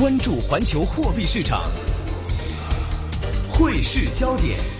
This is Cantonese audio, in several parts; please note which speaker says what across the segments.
Speaker 1: 關注環球貨幣市場，匯市焦點。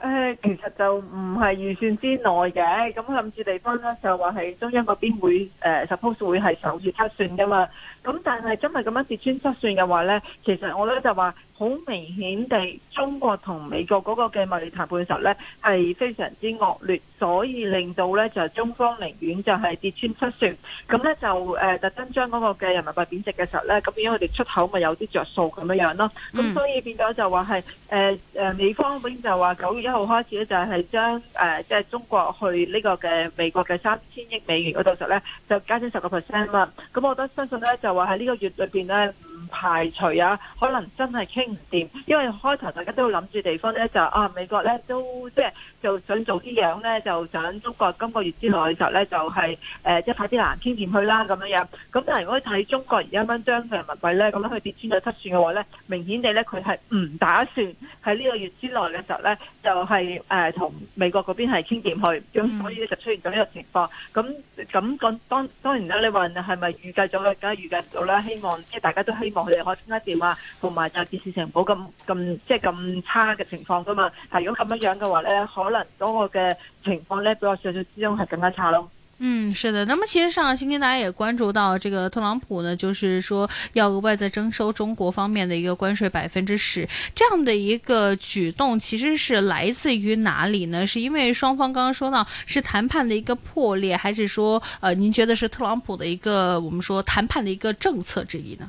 Speaker 2: 誒、呃，其實就唔係預算之內嘅，咁甚至地方咧就話係中央嗰邊會，誒、呃、suppose 會係首次測算噶嘛，咁但係真係咁樣跌穿7算嘅話咧，其實我咧就話。好明顯地，中國同美國嗰個嘅貿易談判嘅時候咧，係非常之惡劣，所以令到咧就係中方寧願就係跌穿七算，咁咧就誒、呃、特登將嗰個嘅人民幣貶值嘅時候咧，咁咗佢哋出口咪有啲着數咁樣樣咯，咁所以變咗就話係誒誒美方永就話九月一號開始咧就係將誒即係中國去呢個嘅美國嘅三千億美元嗰度時候咧就加升十個 percent 啦，咁我覺得相信咧就話喺呢個月裏邊咧。排除啊，可能真係傾唔掂，因為開頭大家都諗住地方咧就啊美國咧都即係、就是、就想做啲樣咧，就想中國今個月之內嘅時候咧就係、是、誒、就是呃、即係快啲難傾掂去啦咁樣樣。咁但係如果睇中國而家蚊張嘅人民幣咧，咁樣佢跌穿咗七算嘅話咧，明顯地咧佢係唔打算喺呢個月之內嘅時候咧就係誒同美國嗰邊係傾掂去，咁所以咧就出現咗呢個情況。咁咁咁當當然啦，你話係咪預計咗？梗係預計到啦，希望即係大家都希望。佢哋海天一地啊，同埋就電視城冇咁咁即係咁差嘅情況噶嘛。但如果咁樣樣嘅話咧，可能嗰個嘅情況咧，比我
Speaker 1: 想象之中係
Speaker 3: 更加差咯。嗯，是的。那麼其實上個星期大家也關注到，這個特朗普呢，就是說要額外再徵收中國方面嘅一個關稅百分之十，這樣的一個舉動，其實是來自於哪裡呢？是因為雙方剛剛說到是談判的一個破裂，還是說，呃，您覺得是特朗普的一個我們說談判的一個政策之一呢？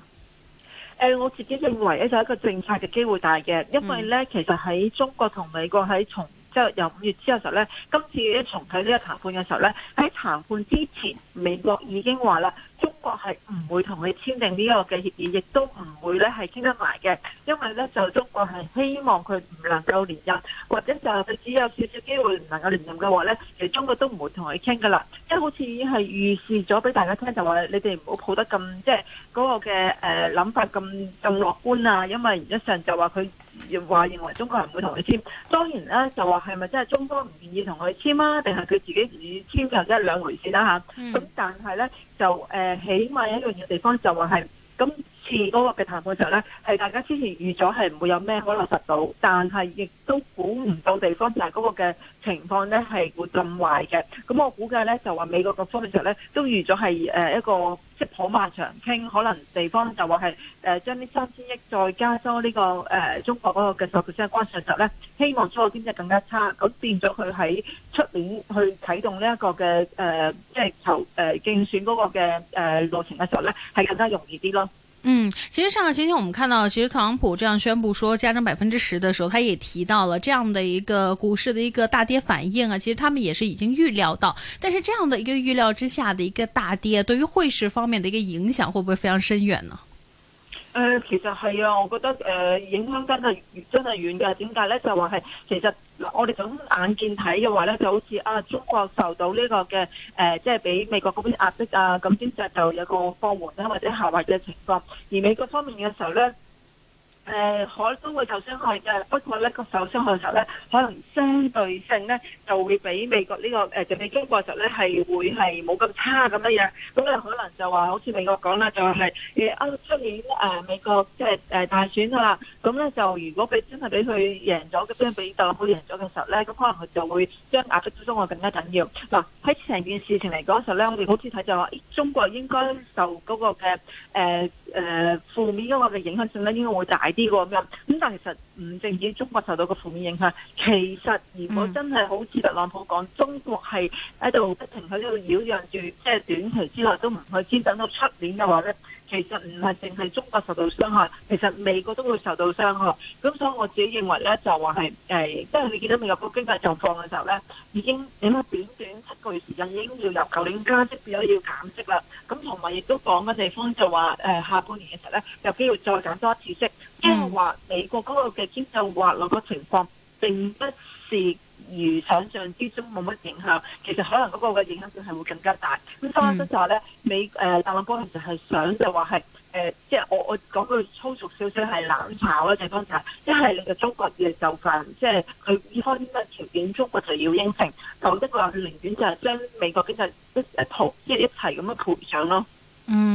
Speaker 2: 誒我自己認為咧就係一個政策嘅機會大嘅，因為咧其實喺中國同美國喺從。即係由五月之後嘅時候咧，今次重啟呢個談判嘅時候咧，喺談判之前，美國已經話啦，中國係唔會同佢簽訂呢個嘅協議，亦都唔會咧係傾得埋嘅，因為咧就中國係希望佢唔能夠連任，或者就係佢只有少少機會唔能夠連任嘅話咧，其實中國都唔會同佢傾㗎啦，即係好似已經係預示咗俾大家聽，就話你哋唔好抱得咁即係嗰個嘅誒諗法咁咁樂觀啊，因為一上就話佢。話認為中國人唔會同佢簽，當然咧就話係咪真係中方唔願意同佢簽啊？定係佢自己要簽就真係兩回事啦，啊，吓。咁，啊嗯，但係咧就誒，呃，起碼一樣嘢嘅地方就話係咁。次嗰個嘅談判時候呢，係大家之前預咗係唔會有咩可能實到，但係亦都估唔到地方就係嗰個嘅情況呢，係會咁壞嘅。咁我估計呢，就話美國嗰方面上呢，都預咗係誒一個即係普漫長傾，可能地方就話係誒將呢三千億再加多呢、這個誒、呃、中國嗰個嘅特別相關時候咧，希望中國經濟更加差，咁變咗佢喺出年去啟動呢、這、一個嘅誒即係籌誒競選嗰個嘅誒、呃、路程嘅時候咧，係更加容易啲囉。
Speaker 3: 嗯，其實上個星期我們看到，其實特朗普這樣宣布說加徵百分之十的時候，他也提到了這樣的一個股市的一個大跌反應啊。其實他們也是已經預料到，但是這樣的一個預料之下的一個大跌，對於匯市方面的一個影響，會不會非常深遠呢？呃，其實係啊，我覺得呃，影
Speaker 2: 響真係真係遠㗎。點解呢？就話係其實。嗱，我哋咁眼見睇嘅話咧，就好似啊，中國受到呢個嘅、呃、即係俾美國嗰邊壓迫啊，咁經濟就就有個放緩咧或者下滑嘅情況，而美國方面嘅時候咧。誒、可、呃、都會受傷害嘅。不過咧，個受傷害嘅時候咧，可能相對性咧就會比美國呢、這個誒特別中國嘅時候咧係會係冇咁差咁樣樣。咁咧可能就話好似美國講啦，就係誒一出年誒美國即係誒大選啦。咁咧就如果俾真係俾佢贏咗，相比到好贏咗嘅時候咧，咁可能佢就會將壓迫到中國更加緊要。嗱、呃，喺成件事情嚟講嘅時候咧，我哋好似睇就話、哎、中國應該受嗰個嘅誒。呃誒、呃、負面嗰個嘅影響性咧應該會大啲喎。咁，咁但係其實唔淨止中國受到個負面影響，其實如果真係好似特朗普講，中國係喺度不停喺度擾攘住，即係短期之內都唔去，先等到出年嘅話咧。其實唔係淨係中國受到傷害，其實美國都會受到傷害。咁所以我自己認為咧，就話係誒，即係你見到美國個經濟狀況嘅時候咧，已經點解短短七個月時間已經要入舊年加息，變咗要減息啦。咁同埋亦都講嘅地方就話下半年嘅時候咧有機會再減多一次息，即係話美國嗰個嘅經濟滑落個情況並不是。如想像之中冇乜影響，其實可能嗰個嘅影響性係會更加大。咁以真就話咧，美誒特朗普其實係想就話係誒，即係我我講句粗俗少少係冷嘲咯，地方就係一係你就中國嘅就範，即係佢開啲乜條件，中國就要應承；否則佢又寧願就係將美國經濟一一賠，即係一齊咁樣賠償咯。嗯。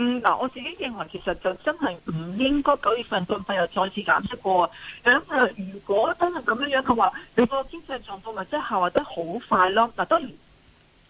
Speaker 2: 嗯，嗱，我自己認為其實就真係唔應該九月份咁快又再次減息過，咁啊，如果真係咁樣樣嘅話，你個經濟狀況咪即係下滑得好快咯，嗱、嗯，當然。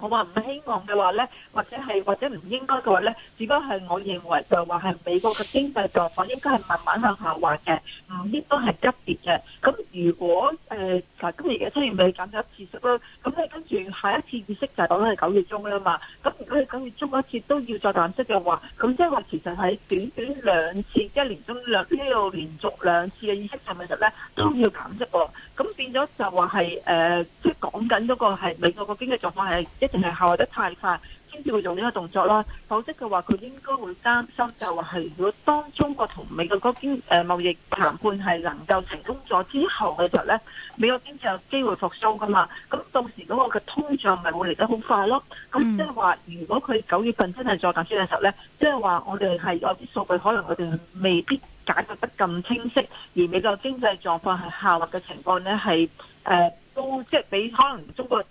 Speaker 2: 我話唔希望嘅話咧，或者係或者唔應該嘅話咧，只不過係我認為就話係美國嘅經濟狀況應該係慢慢向下滑嘅，唔、嗯、應該係急跌嘅。咁如果誒，嗱、呃，今年嘅七月尾減咗一次息啦，咁咧跟住下一次議息就講緊係九月中啦嘛。咁如果係九月中一次都要再減息嘅話，咁即係話其實係短短兩次，一年中兩呢度連續兩次嘅議息係咪就咧都要減息喎。咁變咗就話係誒，即係講緊嗰個係美國個經濟狀況係定係下滑得太快，先至會做呢個動作咯。否則嘅話，佢應該會擔心，就係如果當中國同美國嗰邊誒貿易談判係能夠成功咗之後嘅時候咧，美國經濟有機會復甦噶嘛？咁到時嗰個嘅通脹咪會嚟得好快咯？咁即係話，如果佢九月份真係再減息嘅時候咧，即係話我哋係有啲數據可能我哋未必解決得咁清晰，而美國經濟狀況係下滑嘅情況咧，係誒、呃、都即係比可能中國，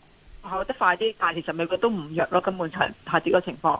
Speaker 2: 考得快啲，但係其實美國都唔弱咯，根本係下跌嘅情況。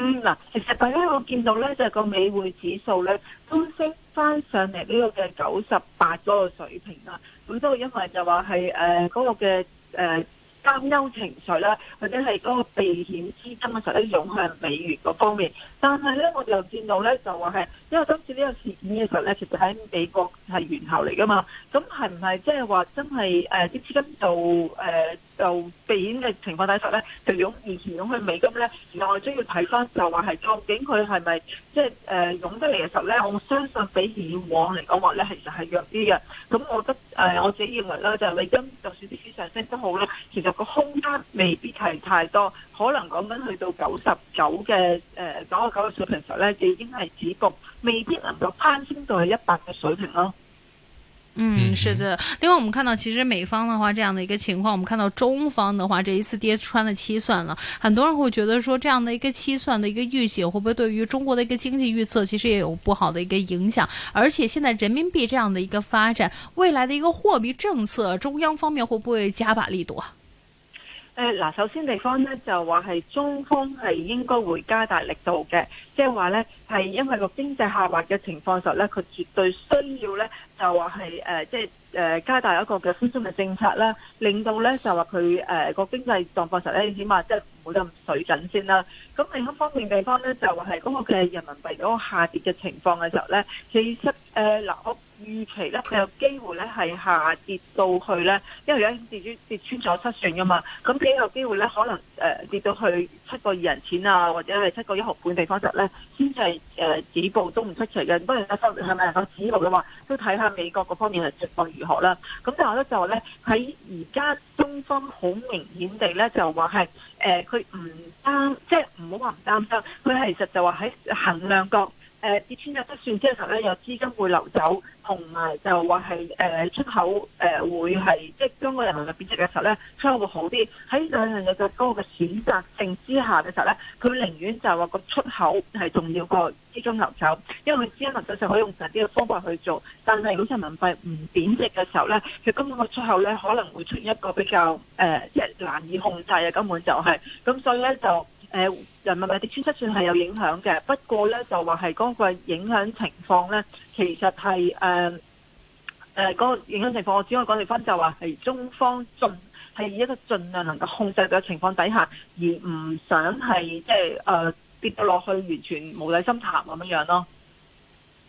Speaker 2: 嗱、嗯，其實大家有見到咧，就係個美匯指數咧都升翻上嚟呢個嘅九十八嗰個水平啦。咁都係因為就話係誒嗰個嘅誒擔憂情緒啦，或者係嗰個避險資金嘅時候，呢湧向美元嗰方面。但係咧，我又見到咧，就話係，因為今次呢個事件嘅時候咧，其實喺美國係源頭嚟噶嘛，咁係唔係即係話真係誒啲資金到、呃、就誒就避險嘅情況底下咧，就用以前用去美金咧？然後我需要睇翻，就話係究竟佢係咪即係誒湧得嚟嘅時候咧，我相信比以往嚟講話咧，其實係弱啲嘅。咁我覺得誒、呃、我自己認為啦，就係、美金就算啲市場升得好啦，其實個空間未必係太多。可能講緊去到九十九嘅呃，九十九嘅水平時呢就已經係
Speaker 3: 止步，未必能夠攀升到去一百嘅水平咯、哦。嗯，是的。另外，我們看到其實美方的話，這樣的一個情況，嗯、我們看到中方的話，這一次跌穿了七算了，很多人會覺得說，這樣的一個七算的一個預警，會不會對於中國的一個經濟預測，其實也有不好的一個影響。而且，現在人民幣這樣的一個發展，未來的一個貨幣政策，中央方面會不會加把力度？啊？
Speaker 2: 嗱，首先地方咧就話係中方係應該會加大力度嘅，即係話咧係因為個經濟下滑嘅情況時候咧，佢絕對需要咧。就話係誒，即係誒加大一個嘅寬鬆嘅政策啦，令到咧就話佢誒個經濟狀況時候咧，起碼即係唔會咁水緊先啦。咁另一方面地方咧，就話係嗰個嘅人民幣嗰個下跌嘅情況嘅時候咧，其實誒嗱，我、呃、預期咧佢有機會咧係下跌到去咧，因為而家跌，跌穿跌穿咗七算噶嘛，咁幾有機會咧可能誒、呃、跌到去七個二人錢啊，或者係七個一毫半地方時候咧，先至係誒止步都唔出奇嘅。當然啦，收成係咪個止步嘅話，都睇下。美國嗰方面嘅情況如何啦？咁但係咧就話咧喺而家中方好明顯地咧就話係誒，佢唔擔，即係唔好話唔擔心，佢、就係、其實就話喺衡量角。誒跌穿咗七算嘅時候咧，有資金會流走，同埋就話係誒出口誒會係即係中國人民幣貶值嘅時候咧，出口會好啲。喺兩樣嘢嘅高嘅選擇性之下嘅時候咧，佢寧願就話個出口係重要過資金流走，因為資金流走就可以用實啲嘅方法去做。但係如果人民幣唔貶值嘅時候咧，佢根本個出口咧可能會出現一個比較誒即係難以控制嘅根本就係、是、咁，所以咧就。誒、呃、人民幣跌穿七算係有影響嘅，不過呢，就話係嗰個影響情況呢，其實係誒誒嗰個影響情況，我只可以講幾番，就話係中方盡係以一個盡量能夠控制嘅情況底下，而唔想係即係誒跌到落去完全無底深潭咁樣樣囉。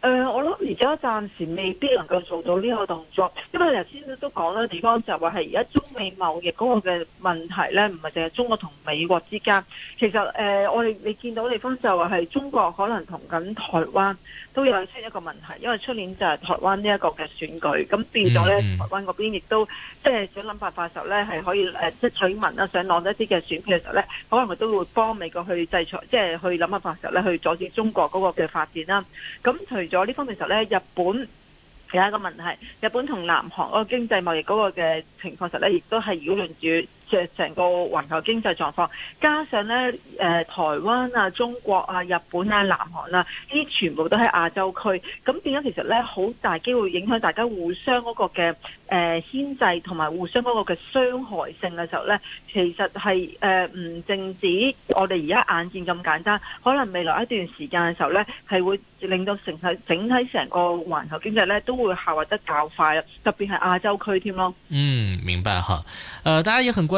Speaker 2: 誒、呃，我諗而家暫時未必能夠做到呢個動作，因為頭先都講啦，地方就話係而家中美貿易嗰個嘅問題呢，唔係淨係中國同美國之間，其實誒、呃，我哋你見到地方就話係中國可能同緊台灣。都有出一個問題，因為出年就係台灣呢一個嘅選舉，咁變咗咧，台灣嗰邊亦都即係、就是、想諗辦法嘅時候咧，係可以誒，即、呃、係取民啊想攞一啲嘅選票嘅時候咧，可能佢都會幫美國去制裁，即、就、係、是、去諗辦法嘅時候咧，去阻止中國嗰個嘅發展啦。咁除咗呢方面嘅時候咧，日本有一個問題，日本同南韓嗰個經濟貿易嗰個嘅情況時候咧，亦都係擾亂住，成個環球經濟狀況，加上呢誒、呃、台灣啊、中國啊、日本啊、南韓呢、啊、啲全部都喺亞洲區，咁變咗其實呢，好大機會影響大家互相嗰個嘅誒、呃、牽制，同埋互相嗰個嘅傷害性嘅時候呢，其實係誒唔淨止我哋而家眼見咁簡單，可能未來一段時間嘅時候呢，係會令到成體整體成個環球經濟呢都會下滑得較快啊，特別係亞洲區添咯。嗯，
Speaker 1: 明白嚇、呃。大家也很關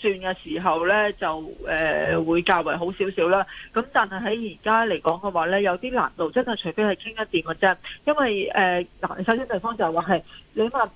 Speaker 2: 算嘅時候咧，就誒、呃、會較為好少少啦。咁但係喺而家嚟講嘅話咧，有啲難度，真係除非係傾一啲嘅啫。因為誒，嗱、呃，首先對方就係話係你話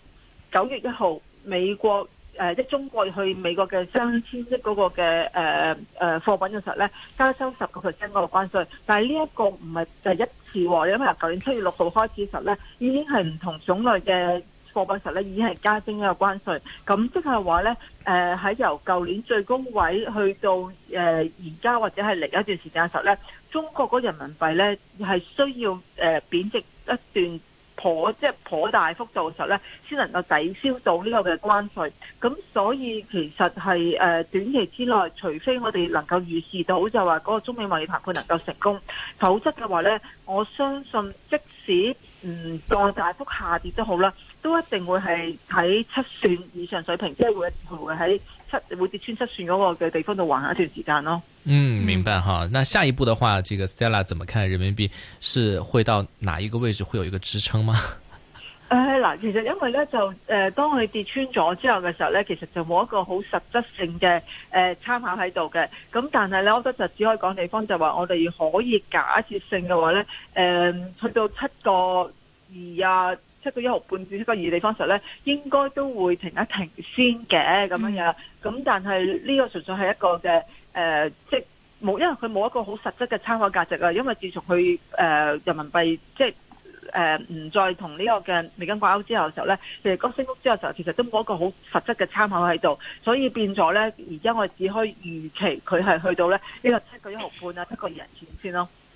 Speaker 2: 九月一號美國誒、呃，即係中國去美國嘅三千億嗰個嘅誒誒貨品嘅時候咧，加收十個 percent 嘅關稅。但係呢一個唔係第一次喎、哦，因為由舊年七月六號開始嘅時候咧，已經係唔同種類嘅。貨幣實咧已經係加徵一個關稅，咁即係話咧，誒、呃、喺由舊年最高位去到誒而家或者係嚟一段時間嘅時候咧，中國嗰人民幣咧係需要誒、呃、貶值一段頗即係頗大幅度嘅時候咧，先能夠抵消到呢個嘅關稅。咁所以其實係誒短期之內，除非我哋能夠預示到就話嗰個中美貿易談判能夠成功，否則嘅話咧，我相信即使唔再大幅下跌都好啦。都一定會係喺七算以上水平，即、就、係、是、會會喺七會跌穿七算嗰個嘅地方度橫行一段時間咯。
Speaker 1: 嗯，明白哈，那下一步的話，這個 Stella 怎麼看人民幣是會到哪一個位置會有一個支撐嗎？
Speaker 2: 誒，嗱，其實因為呢，就誒、呃，當佢跌穿咗之後嘅時候呢，其實就冇一個好實質性嘅誒、呃、參考喺度嘅。咁但係呢，我覺得就只可以講地方，就話我哋可以假設性嘅話呢，誒、呃、去到七個二啊。七個一毫半至七個二地方時候咧，應該都會停一停先嘅咁樣樣。咁但係呢個純粹係一個嘅誒、呃，即係冇，因為佢冇一個好實質嘅參考價值啊。因為自從佢誒人民幣即係唔、呃、再同呢個嘅美金掛鈎之後嘅時候咧，其實個升幅之後嘅時候，其實都冇一個好實質嘅參考喺度，所以變咗咧，而家我哋只可以預期佢係去到咧呢個七個一毫半啊，七個二人段先咯。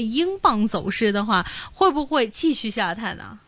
Speaker 3: 英鎊走勢的話，會不會繼續下探啊？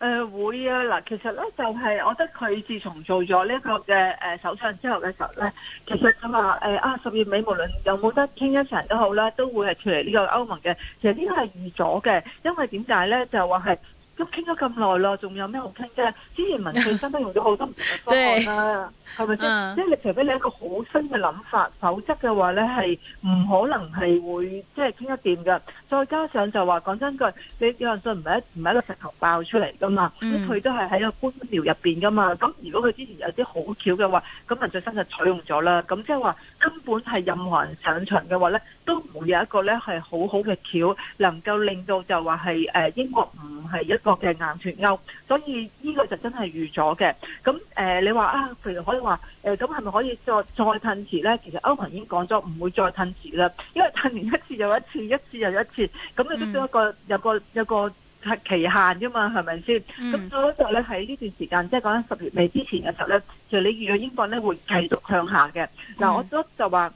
Speaker 3: 誒、
Speaker 2: 呃，會啊！嗱、就是這個呃，其實咧就係，我、呃、覺、啊、得佢自從做咗呢個嘅誒首相之後嘅時候咧，其實佢話誒啊十月尾無論有冇得傾一場都好啦，都會係出嚟呢個歐盟嘅。其實呢個係預咗嘅，因為點解咧？就話係。咁傾咗咁耐咯，仲有咩好傾啫？之前文翠珊都用咗好多唔同嘅方案啦、啊，係咪先？Uh huh. 即係除非你一個好新嘅諗法，否則嘅話咧係唔可能係會即係傾一掂嘅。再加上就話講真句，你有人信唔係唔係一個石頭爆出嚟噶嘛？佢、mm. 都係喺個官僚入邊噶嘛。咁如果佢之前有啲好橋嘅話，咁文翠珊就採用咗啦。咁即係話根本係任何人上場嘅話咧。都唔會有一個咧係好好嘅橋，能夠令到就話係英國唔係一個嘅硬脱歐，所以呢個就真係預咗嘅。咁誒、呃，你話啊，譬如可以話咁係咪可以再再褪遲咧？其實歐文已經講咗，唔會再褪遲啦，因為褪完一,一次又一次，一次又一次，咁你都需一個、嗯、有一個有,個,有個期限啫嘛，係咪先？咁、嗯、所以就咧喺呢段時間，即、就、係、是、講緊十月尾之前嘅時候咧，其實你預咗英國咧會繼續向下嘅。嗱，我都、嗯、就話。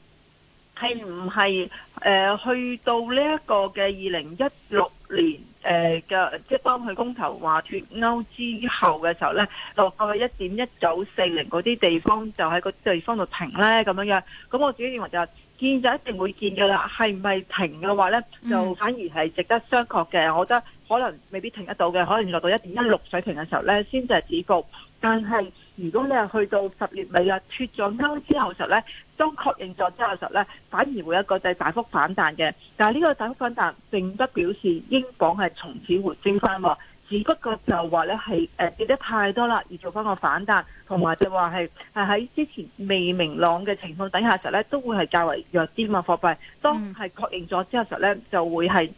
Speaker 2: 係唔係誒去到呢一個嘅二零一六年誒嘅，即係當佢公投話脱歐之後嘅時候咧，落去一點一九四零嗰啲地方就喺個地方度停咧咁樣樣。咁我自己認為就係見就一定會見㗎啦。係唔係停嘅話咧，就反而係值得商榷嘅。我覺得可能未必停得到嘅，可能落到一點一六水平嘅時候咧，先至係止步。嗯，係。如果你係去到十月尾啊，脫咗歐之後實咧，當確認咗之後實咧，反而會有一個即係大幅反彈嘅。但係呢個大幅反彈並不表示英鎊係從此回升翻，只不過就話咧係誒跌得太多啦，而做翻個反彈，同埋就話係係喺之前未明朗嘅情況底下實咧，都會係較為弱啲嘛貨幣。當係確認咗之後實咧，就會係。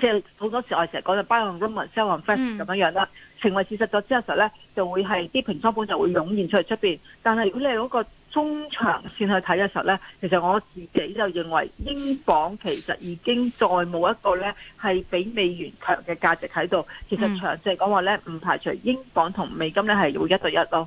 Speaker 2: 即係好多時我，我成日講就 buy on demand，sell on flash 咁、mm. 樣樣啦。成為事實咗之後，時候咧就會係啲平倉盤就會湧現出嚟出邊。但係如果你係嗰個中長線去睇嘅時候咧，其實我自己就認為英鎊其實已經再冇一個咧係比美元強嘅價值喺度。其實長線講話咧，唔排除英鎊同美金咧係會一對一咯。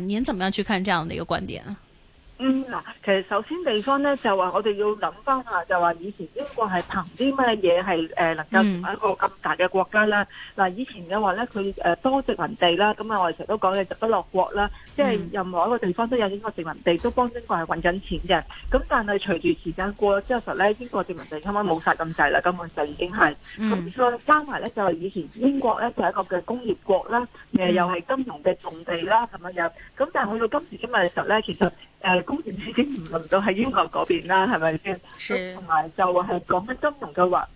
Speaker 3: 您怎麼樣去看這樣的一個觀點啊？
Speaker 2: 嗯嗱，其實首先地方咧就話我哋要諗翻下，就話以前英國係憑啲咩嘢，係誒能夠做一個咁大嘅國家啦？嗱、嗯，以前嘅話咧，佢誒、呃、多殖民地啦，咁啊我哋成日都講嘅日不落國啦，即、就、係、是、任何一個地方都有英國殖民地，都幫英國係搵緊錢嘅。咁但係隨住時間過咗之後咧，英國殖民地啱啱冇晒咁滯啦，根本就已經係咁。再、嗯、加埋咧就係以前英國咧就係、是、一個嘅工業國啦，誒、嗯、又係金融嘅重地啦，係咪咁？但係去到今時今日嘅時候咧，其實。誒，公眾資金唔輪到喺英國嗰邊啦，係咪先？同埋就係講緊金融嘅話，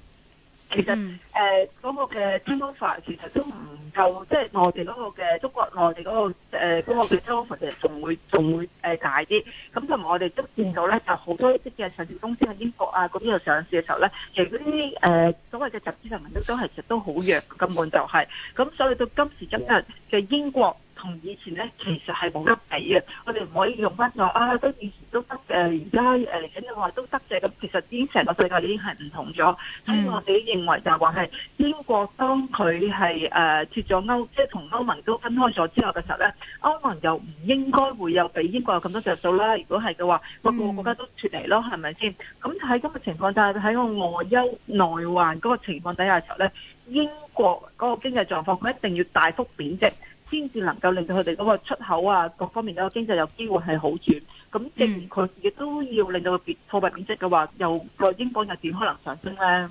Speaker 2: 其實誒嗰個嘅 turnover 其實都唔夠，即係內地嗰個嘅中國內地嗰個誒嗰個嘅 turnover 其實仲會仲會誒大啲。咁同埋我哋都見到咧，就好多啲嘅上市公司喺英國啊嗰邊度上市嘅時候咧，其實嗰啲誒所謂嘅集資能力都都係其實都好弱，根本就係。咁所以到今時今日嘅英國。同以前咧，其實係冇得比嘅。我哋唔可以用翻個啊，都以前都得嘅，而家誒咁就話都得嘅。咁其實已經成個世界已經係唔同咗。咁我哋認為就係話係英國當佢係誒脫咗歐，即係同歐盟都分開咗之後嘅時候咧，歐盟又唔應該會有比英國有咁多著數啦。如果係嘅話，個個國家都脫離咯，係咪先？咁喺咁嘅情況，就係喺個外憂內患嗰個情況底下嘅時候咧，英國嗰個經濟狀況，佢一定要大幅貶值。先至能夠令到佢哋嗰個出口啊，各方面嗰個經濟有機會係好轉。咁即使佢自己都要令到個貨幣貶值嘅話，又個英鎊又點可能上升呢？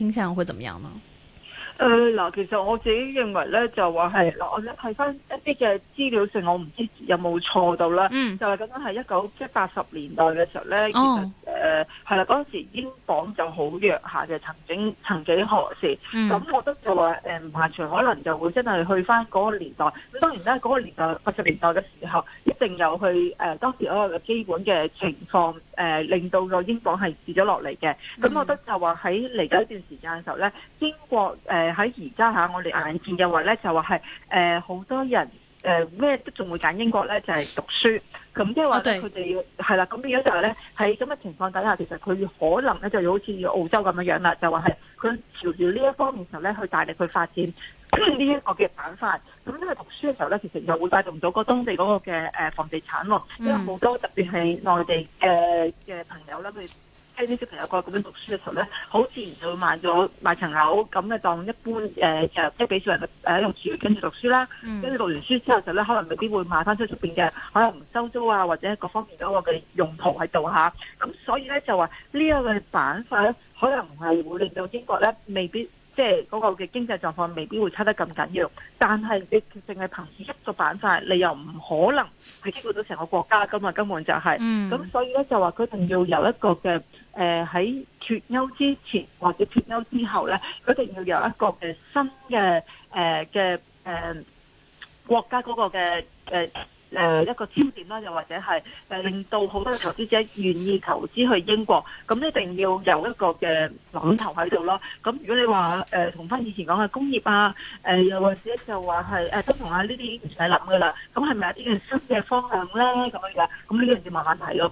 Speaker 3: 傾向會怎麼樣呢？
Speaker 2: 誒嗱、呃，其實我自己認為咧，就話係嗱，我想睇翻一啲嘅資料性，性我唔知有冇錯到啦。嗯，就係咁樣係一九即係八十年代嘅時候咧，哦、其實係啦，嗰、呃、陣時英鎊就好弱下嘅，曾經曾幾何時。咁、嗯嗯、我覺得就話唔排除可能就會真係去翻嗰個年代。咁當然咧，嗰、那個年代八十年代嘅時候，一定有去誒、呃、當時嗰個嘅基本嘅情況誒、呃，令到個英鎊係跌咗落嚟嘅。咁、嗯、我覺得就話喺嚟緊一段時間嘅時候咧，英國誒。呃喺而家嚇，在在我哋眼見嘅話咧，就話係誒好多人誒咩、呃、都仲會揀英國咧，就係、是、讀書。咁即係話佢哋要係啦。咁變咗就係咧，喺咁嘅情況底下，其實佢可能咧就好似澳洲咁樣樣啦，就話係佢朝住呢一方面時候咧，去大力去發展呢一個嘅板塊。咁因為讀書嘅時候咧，其實就會帶動到嗰當地嗰個嘅誒房地產咯，因為好多特別係內地嘅嘅朋友咧，佢。Mm. 喺啲小朋友過咁樣讀書嘅時候咧，好自然就會賣咗賣層樓，咁咧當一般誒誒、呃、即係俾小人嘅誒用處，跟、呃、住讀書啦。跟住、嗯、讀完書之後就咧，可能未必會賣翻出出邊嘅，可能唔收租啊，或者各方面嗰個嘅用途喺度嚇。咁、啊、所以咧就話呢一個辦法咧，可能係會令到英國咧未必。即係嗰個嘅經濟狀況未必會差得咁緊要，但係你淨係憑住一個板塊，你又唔可能係兼顧到成個國家噶嘛？根本就係、是，咁、嗯、所以呢，就話佢定要有一個嘅，誒喺脫歐之前或者脫歐之後呢，佢定要有一個嘅新嘅，誒、呃、嘅，誒、呃、國家嗰個嘅，誒。誒、呃、一個焦點啦，又或者係誒令到好多投資者願意投資去英國，咁一定要有一個嘅諗頭喺度咯。咁如果你話誒同翻以前講嘅工業啊，誒、呃、又或者就話係誒都同啊呢啲唔使諗噶啦。咁係咪有啲嘅新嘅方向咧？咁樣樣，咁呢啲要慢慢睇咯。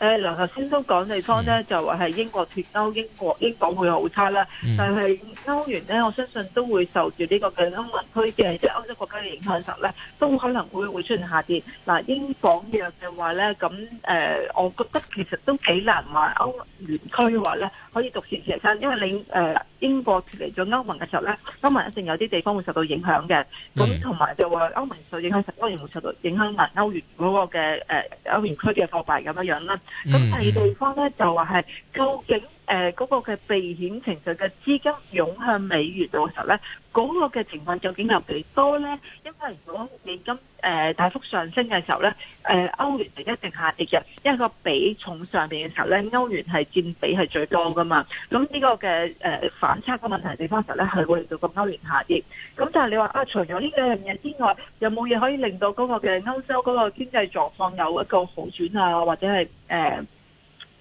Speaker 2: 誒嗱，頭先都講地方咧，嗯、就話係英國脱歐，英國英鎊會好差啦。嗯、但係歐元咧，我相信都會受住呢個嘅歐盟區嘅即係歐洲國家嘅影響時候咧，都可能會會出現下跌。嗱、呃，英鎊弱嘅話咧，咁誒、呃，我覺得其實都幾難話歐元區嘅話咧可以獨善其身，因為你、呃英國脱離咗歐盟嘅時候咧，歐盟一定有啲地方會受到影響嘅。咁同埋就話歐盟受影響，當然會受到影響埋歐元嗰個嘅誒、呃、歐元區嘅貨幣咁樣樣啦。咁第二地方咧就話係究竟。誒，嗰、呃、那個嘅避險情緒嘅資金湧向美元嘅時候咧，嗰、那個嘅情況究竟有幾多咧？因為如果美金誒、呃、大幅上升嘅時候咧，誒、呃、歐元係一定下跌嘅，因為個比重上邊嘅時候咧，歐元係佔比係最多噶嘛。咁呢個嘅誒、呃、反差嘅問題地方時候咧係會令到個歐元下跌。咁但係你話啊，除咗呢兩樣嘢之外，有冇嘢可以令到嗰個嘅歐洲嗰個經濟狀況有一個好轉啊？或者係誒？呃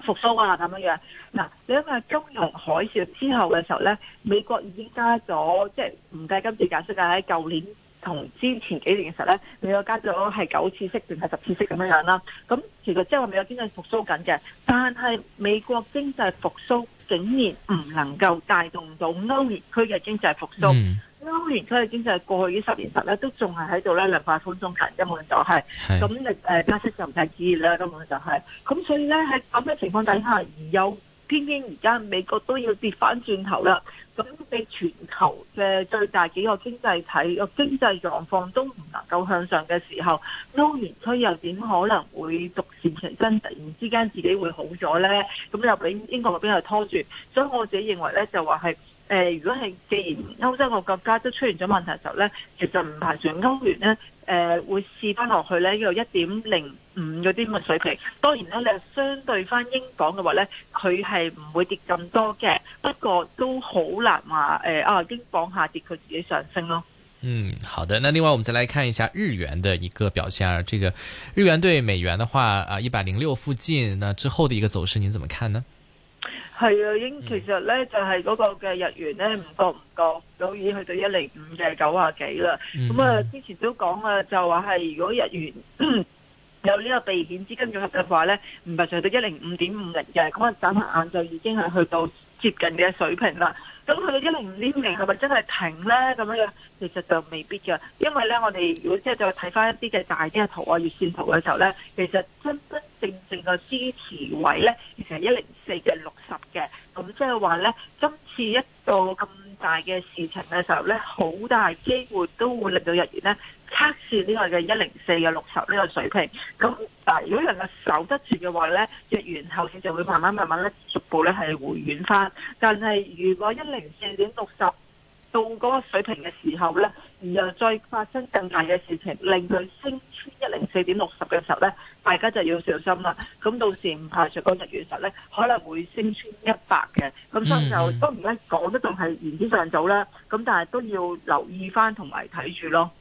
Speaker 2: 復蘇啊咁樣樣，嗱你諗下金融海嘯之後嘅時候咧，美國已經加咗，即係唔計今次加息，但喺舊年同之前幾年嘅時候咧，美國加咗係九次息定係十次息咁樣樣啦。咁其實即係話美國經濟復蘇緊嘅，但係美國經濟復蘇竟然唔能夠帶動到歐元區嘅經濟復蘇。嗯歐元區嘅經濟過去呢十年嚟咧，都仲係喺度咧，量化寬鬆緊，根本是、呃、就係咁。你誒加息就唔使旨意啦，根本就係咁。所以咧喺咁嘅情況底下，而有偏偏而家美國都要跌翻轉頭啦。咁你全球嘅最大幾個經濟體個經濟狀況都唔能夠向上嘅時候，歐元區又點可能會獨善其身，突然之間自己會好咗咧？咁又俾英國嗰邊去拖住。所以我自己認為咧，就話係。誒、呃，如果係既然歐洲個國家都出現咗問題嘅時候咧，其實唔排除歐元咧，誒、呃、會試返落去咧，有一點零五嗰啲咁嘅水平。當然咧，你係相對返英鎊嘅話咧，佢係唔會跌咁多嘅，不過都好難話誒，啊、呃、英鎊下跌佢自己上升咯。嗯，
Speaker 1: 好的。那另外，我們再來看一下日元嘅一個表現啊，這個日元對美元嘅話，啊一百零六附近，那之後嘅一個走勢，您怎麼看呢？
Speaker 2: 係啊，已經其實咧就係、是、嗰個嘅日元咧唔覺唔覺，早已經去到一零五嘅九啊幾啦。咁、嗯、啊，之前都講啊，就話係如果日元有呢個避險資金湧入嘅話咧，唔係上到一零五點五零嘅，可能眨下眼就已經係去到接近嘅水平啦。咁去到一零五點零係咪真係停咧？咁樣其實就未必嘅，因為咧我哋如果即係再睇翻一啲嘅大啲嘅圖啊、月線圖嘅時候咧，其實真真正正嘅支持位咧，其實係一零四嘅六十嘅，咁即係話咧，今次一個。咁。大嘅事情嘅時候呢，好大機會都會令到日元呢測試呢個嘅一零四嘅六十呢個水平。咁，但係如果能夠守得住嘅話呢，日元後市就會慢慢慢慢呢逐步呢係回軟翻。但係如果一零四點六十到嗰個水平嘅時候呢。然後再發生更大嘅事情，令佢升穿一零四點六十嘅時候呢，大家就要小心啦。咁到時唔排除嗰日月實呢，可能會升穿一百嘅。咁所以就當然咧講得仲係言之尚早啦。咁但係都要留意翻同埋睇
Speaker 1: 住咯。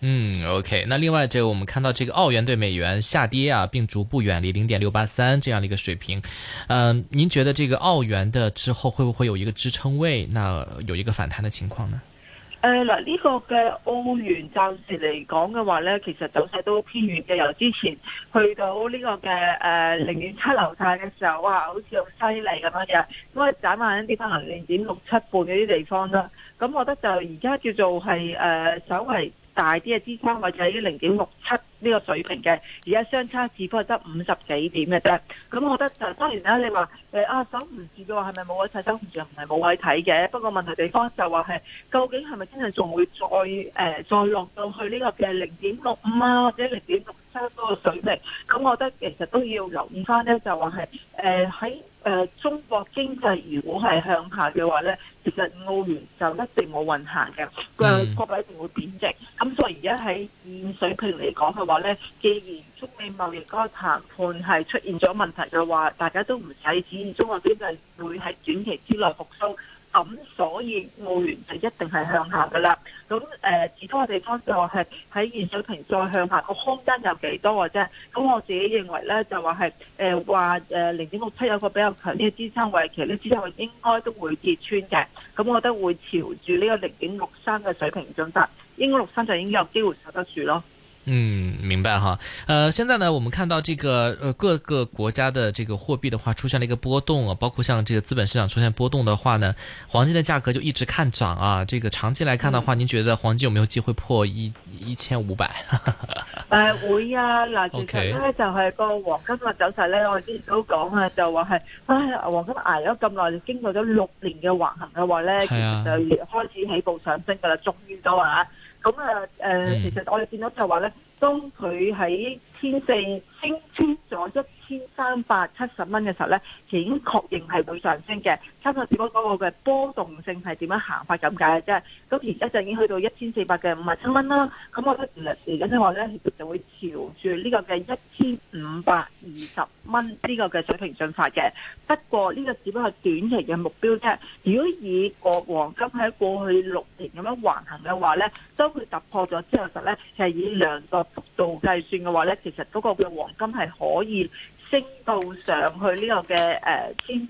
Speaker 1: 嗯，OK。那另外，就我們看到這個澳元對美元下跌啊，並逐步遠離零點六八三這樣的一個水平。嗯、呃，您覺得這個澳元的之後會不會有一個支撐位？那有一個反彈的情況呢？
Speaker 2: 誒，嗱呢、呃呢個嘅澳元暫時嚟講嘅話咧，其實走勢都偏軟嘅，由之前去到呢個嘅誒零點七流態嘅時候，哇，好似好犀利咁樣嘅，咁啊窄埋一啲可能零點六七半嗰啲地方啦。咁我覺得就而家叫做係誒、呃、稍微。大啲嘅支撐或者喺零點六七呢個水平嘅，而家相差只不過係得五十幾點嘅啫。咁我覺得就當然啦，你話誒啊守唔住嘅話，係咪冇位睇？守唔住又唔係冇位睇嘅。不過問題地方就話係究竟係咪真係仲會再、呃、再落到去呢個嘅零點六五啊，或者零點六？差嗰個水平，咁我覺得其實都要留意翻咧、就是，就話係誒喺誒中國經濟如果係向下嘅話咧，其實澳元就一定冇運行嘅，佢貨幣一定會貶值。咁所以而家喺現在在水平嚟講嘅話咧，既然中美貿易嗰個談判係出現咗問題嘅話，大家都唔使指意中國經濟會喺短期之內復甦。咁、嗯、所以澳元就一定係向下噶啦。咁誒，其他嘅地方就係喺現水平再向下，個空間有幾多嘅啫。咁我自己認為咧，就話係誒話誒零點六七有個比較強烈嘅支撐位，其實咧之後應該都會跌穿嘅。咁我覺得會朝住呢個零點六三嘅水平進發，應該六三就應該有機會守得住咯。
Speaker 1: 嗯，明白哈。呃，現在呢，我們看到這個，呃，各個國家的這個貨幣的話，出現了一個波動啊，包括像這個資本市場出現波動的話呢，黃金的價格就一直看漲啊。這個長期來看的話，您、嗯、覺得黃金有沒有機會破一一千五百？
Speaker 2: 呃，會啊嗱，其實呢就係 Okay 個黃金嘅走勢呢我之前都講啊，就話係，唉、哎，黃金挨咗咁耐，經過咗六年嘅橫行嘅話呢咧，哎、呀就開始起步上升噶啦，終於都啊。咁啊，誒、嗯，嗯、其實我哋見到就係話咧，當佢喺千四升穿咗一千三百七十蚊嘅時候咧，其實已經確認係會上升嘅。差唔多只係講我嘅波動性係點樣行法咁解嘅啫。咁而家就已經去到一千四百嘅五十七蚊啦。咁我覺得而家即係話咧，就會朝住呢個嘅一千五百二十蚊呢個嘅水平進發嘅。不過呢個只不過係短期嘅目標啫。如果以個黃金喺過去六年咁樣橫行嘅話咧，當佢突破咗之後呢實咧，係以兩個幅度計算嘅話咧，其實嗰個嘅黃金係可以升到上去呢個嘅誒千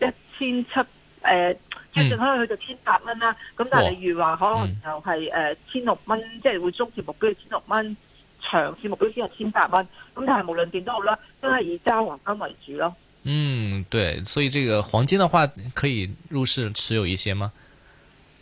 Speaker 2: 七一千七誒，甚至可以去到千八蚊啦。咁但係例如話可能就係誒千六蚊，嗯、即係會中線目標係千六蚊，長線目標先係千八蚊。咁但係無論點都好啦，都係以揸黃金為主咯。
Speaker 1: 嗯，對，所以這個黃金的話，可以入市持有一些嗎？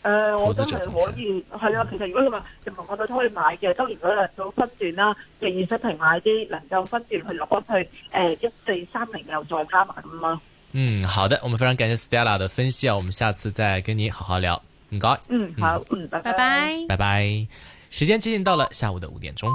Speaker 2: 誒、呃，我都係可以，係啊。其實如果佢話，任何我哋都可以買嘅。當然嗰日到分段啦，啊，第二分評買啲能夠分段去落去，誒、呃，一四三零又再加埋
Speaker 1: 咁咯。嗯，好的，我們非常感謝 Stella 嘅分析啊，我們下次再跟你好好聊，唔該。
Speaker 2: 嗯，好，嗯，拜拜，拜
Speaker 1: 拜。時間接近到了下午的五點鐘。